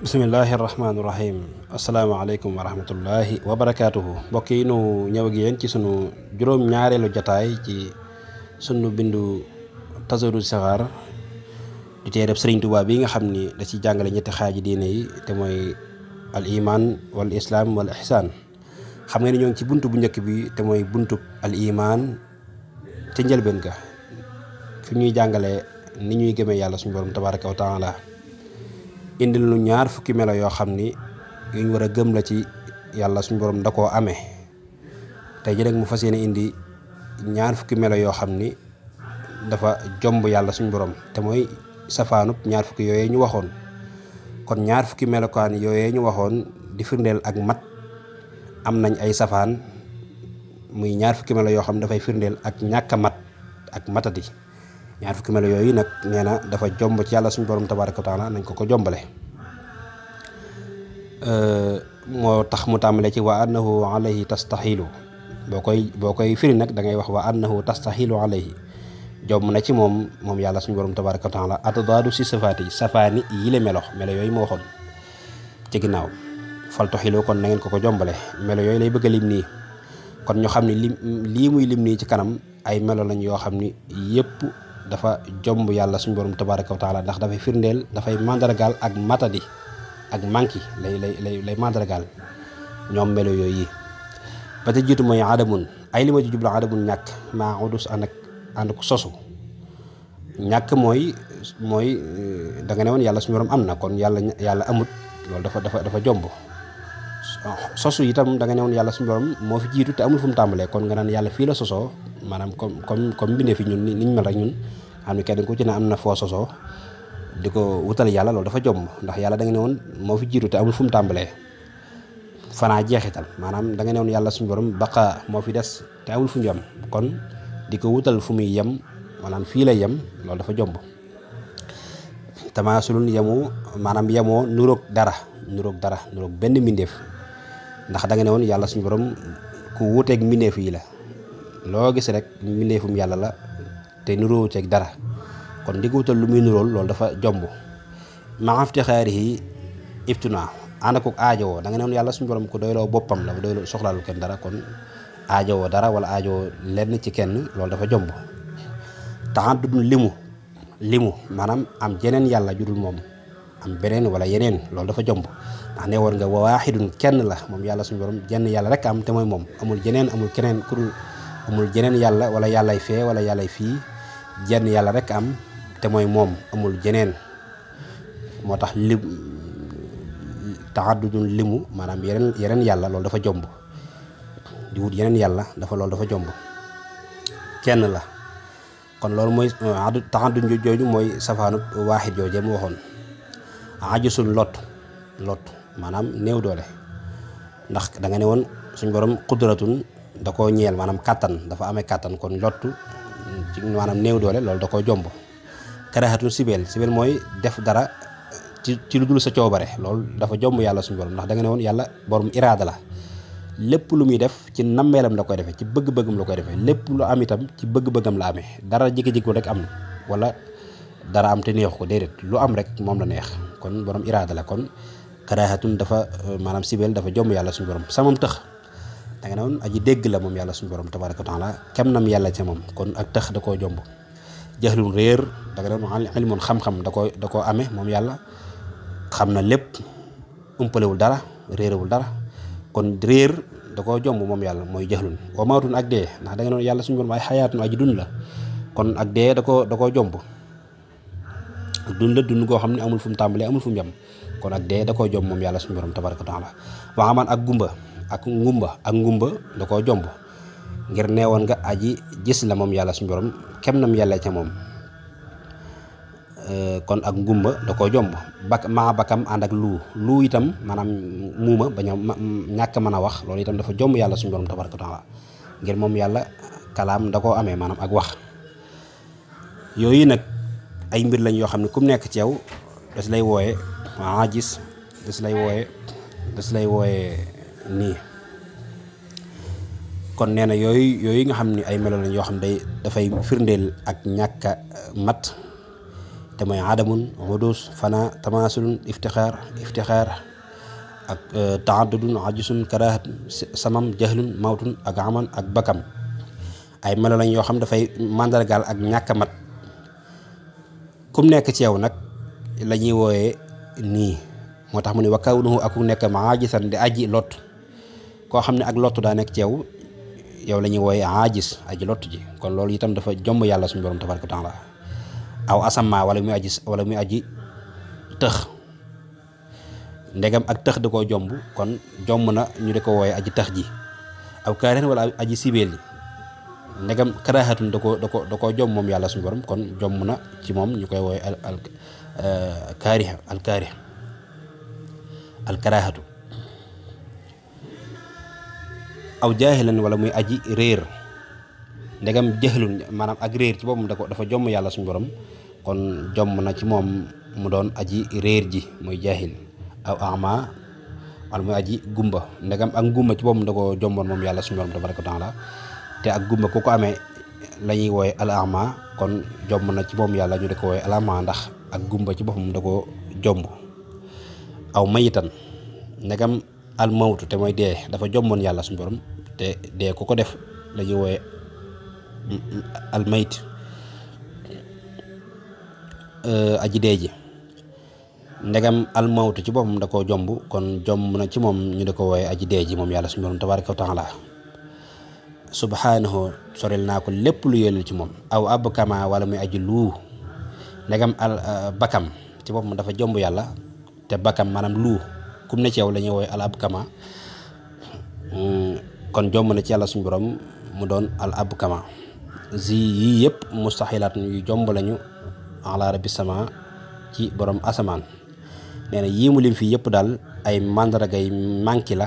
Bismillahirrahmanirrahim. Assalamualaikum rahim wabarakatuh. wa rahmatullahi wa nu ñëw ak ci sunu juróom-ñaareelu jotaay ci sunu bindu tazuru sagar di téereb serigne touba bi nga xamni da ci jangale ñetti xaji diine yi te moy al iman wal islam wal ihsan xam nga ni ñoo ci buntu bu bi te moy buntu al iman ñeel ben ga fi ñuy jangale ni ñuy gëmee yalla suñu borom tabaaraku taala indil lu ñaar fukki melo yoo xam ni yuñ war a gëm la ci yàlla suñu borom da koo amee tey ji nag mu fas yéene indi ñaar fukki melo yoo xam ni dafa jomb yàlla suñu borom te mooy safaanub ñaar fukki yooyee ñu waxoon kon ñaar fukki melokaan yooyee ñu waxoon di firndeel ak mat am nañ ay safaan muy ñaar fukki melo yoo xam ne dafay firndeel ak ñàkk mat ak matadi ñaar fukki melo yoy nak neena dafa jomb ci yalla suñu borom tabaraka taala nañ ko ko euh mo tax mu tàmbale ci wa annahu alayhi tastahilu bokoy bokoy firi nak da ngay wax wa annahu tastahilu alayhi jomb na ci mom mom yalla suñu borom tabaraka taala atadadu si sifati safani yi le melo melo yoy mo waxoon ci fal kon na ngeen ko ko jombalé melo yoy lay bëgg lim kon ñu xamni li muy lim ci kanam ay melo lañ yo xamni yépp dafa jomb yàlla suñu borom tabaraka wa ndax dafay firndeel dafay mandargaal ak matadi ak manki lay lay lay lay mandargaal ñoom melo yooyu yi ba te jiitu mooy aadamun ay li ma ci jublu ñàkk maa udus ànd ak ànd ko sosu mooy mooy euh, da nga ne woon yàlla suñu am na kon yàlla yàlla amut loolu dafa dafa dafa jomb sosu itam da nga newoon yalla suñu borom mo fi jitu te amul fu mu kon nga nan yalla fi la sosoo maanaam comme comme comme mbindee fi ñun niñ mel rek ñun xam ne kenn ku ci na amna fo soso diko wutal yalla loolu dafa jom ndax yalla da nga newoon mo fi jitu te amul fu mu jeexital manam da nga yalla suñu borom baqa mo fi dess te amul fu kon diko wutal fu muy yam manam fi la yam loolu dafa jom tamasulun yamu manam yamo nuroog dara Nuruk dara Nuruk ben mindef ndax danga nga ne woon yàlla suñu borom ku wuuteeg mbindeef yi la loo gis rek mbindeefum yàlla la te nuroo ceeg dara kon di ko wutal lu muy nurool loolu dafa jomb maa iftixaari yi ibtuna ànd ko aajowoo da nga ne yàlla suñu borom ku doyloo boppam la doyloo soxlaalu kenn dara kon aajowoo dara wala aajowoo lenn ci kenn loolu dafa jomb taxan dudul limu limu maanaam am jeneen yàlla jurul moom am benen wala yenen lolou dafa jom ndax ne war nga wahidun kenn la mom yalla suñu borom jenn yalla rek am te moy mom amul jenen amul kenen kuru amul jenen yalla wala yalla fe wala yalla fi. jenn yalla rek am te moy mom amul jenen motax li ta'addudun limu manam yenen yenen yalla lolou dafa jom di wut yenen yalla dafa lolou dafa jom kenn la kon loolu mooy uh, taxaddud jojju moy safanu wahid joojee mo waxoon sun lot lot manam néew doole ndax da nga newon suñ borom qudratun da ko ñeel maanaam katan dafa amé katan kon lotu ci manam néew doole lol da ko jomb karahatun sibel sibel moy def dara ci lu dul sa coobare lol dafa jomb yalla suñ borom ndax da nga newon yalla borom irada la lepp lu mi def ci namelam da koy def, ci bëgg bëggum la koy defee lepp lu am itam ci bëgg-bëggam la amé dara jik jik rek am wala dara am te neex ko dedet lu am rek mom la neex kon borom irada la kon karahatun dafa euh, manam sibel dafa jom yalla sun borom samam tax da nga non aji deg la mom yalla sun borom tabaraka taala kam nam yalla ci mom kon ak tax da ko jom rir, rer da nga non woon ilmun xam-xam da ko da ko amé mom yalla xamna na umpele wul dara wul dara kon rer da ko jom mom yalla moy jahlun wa maatun ak de ndax da nga non yalla sun borom ay hayatun aji dun la kon ak de da ko da ko jom dund la dund go xamni amul fum mu amul fum jam kon ak de da ko jom mom yalla suñu borom tabaraka taala aman ak gumba ak ngumba ak ngumba da ko jom ngir newon nga aji gis la mom yalla suñu borom kem nam yalla ca mom euh, kon ak ngumba da ko jom bak ma bakam and ak lu lu itam muma muma baña ñak mana wax lolou itam dafa jom yalla suñu borom tabaraka taala ngir mom yalla kalam da ko amé manam ak wax nak ay mbir lañ yoo xam ne ku nekk ci yow lay wooye ajis lay wooye das lay nii kon nee na yooyu yooyu nga xam ni ay melo lañ yoo xam ne day dafay firndeel ak ñàkk mat te mooy adamun xudus fana tamasulun iftixaar iftixaar ak e, taaddudun ajusun karahat samam jahlun mawtun ak aman ak bakkam ay melo lañ yoo xam dafay màndargaal ak ñàkk mat kum nekk ci yow nag la ñuy wooyee nii moo tax mu ne wa kawnuhu ak ku nekk aajisan di aji lot koo xam ne ak lot daa nekk ci yow yow la ñuy wooyee aajis aji lot ji kon loolu itam dafa jomb yàlla suñu borom tabaaraka wa taala aw asamma wala muy aji wala muy aji tëx ndegam ak tëx da ko jomb kon jomb na ñu di ko wooyee aji tëx ji aw kaaren wala aji sibeel Negam karahatun da doko doko doko jom mom yàlla sun borom kon jom na ci mom ñukoy woy al al euh, kariha al kariha al karahatu aw jahilan wala muy aji réer negam jahlun manam ak réer ci boppam dako dafa jom yàlla sun borom kon jom na ci mom mu don aji réer ji muy jahil aw ama wala muy aji gumba negam ak gumba ci boppam da ko jomboon moom yàlla borom tabaraka taala te ak gumba ko ko amee la ñuy wooye alama kon jomb na ci moom yàlla ñu di ko wooye alama ndax ak gumba ci boppam da ko jomb aw mayitan ndegam al mawtu mooy dee dafa jomboon yàlla suñu borom te dee ku ko def la ñuy wooye aji dee ji ndegam al mawtu ci boppam da ko kon jomb na ci moom ñu di ko wooye aji dee ji moom yàlla suñu borom tabaaraka wa taala subhaanahu soril naa ko lépp lu yellul ci moom aw ab kama wala muy aju lu ndegam al euh, bakkam ci boppam dafa jomb yàlla te bakkam maanaam luu kum ne ci yow la ñuy woowee al ab kama mm, kon jomb na ci yàlla suñu borom mu doon al ab kama zi yii yëpp mustaxilaat yu jomb lañu ala rabbi sama ci borom asamaan nee na yii mu lim fii yëpp daal ay mandarga yi manki la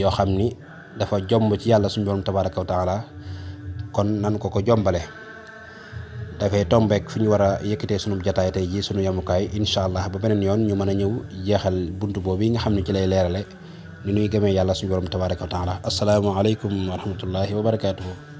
yoo xam ni dafa jomb ci yàlla suñu borom tabaaraka wa taala kon nanu ko ko jombale dafay tombeek fi ñu war a yëkkatee sunu jataay tey jii sunu yamukaay incha allah ba beneen yoon ñu mën a ñëw jeexal buntu boobu yi nga xam ne ci lay leerale ni nuy gëmee yàlla suñu borom tabaaraka wa taala asalaamaaleykum wa rahmatullahi wa barakaatuhu